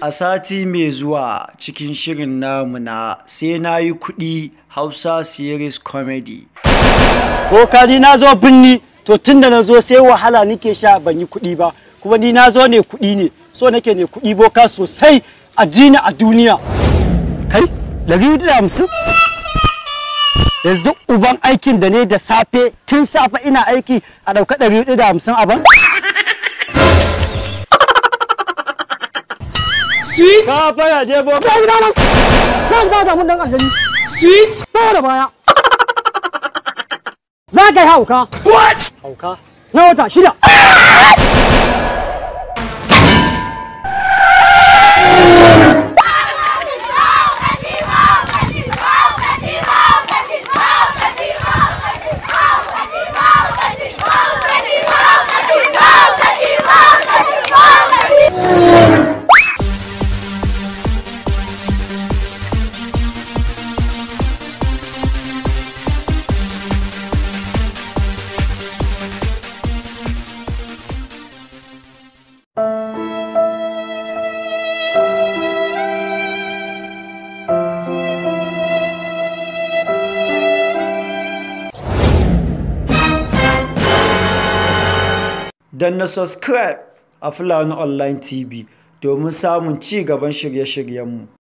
A sati mai zuwa cikin shirin namu na sai na yi kuɗi Hausa series comedy. Ko ka ni na zo binni to tun da na zo sai wahala nike sha ban yi kuɗi ba kuma ni na zo ne kuɗi ne so nake ne kuɗi boka sosai a jini a duniya. Kai, ɗari da hamsin? Yanzu uban aikin da ne da safe tun safe ina aiki a ɗauka ɗari da hamsin a ban? switch ka fara je bo ka gida nan nan ba da mun dan aljani switch ba da baya za ka hauka what hauka na wata shida ah! don na subscribe a Fulani Online TV domin samun ci gaban shirye-shiryenmu.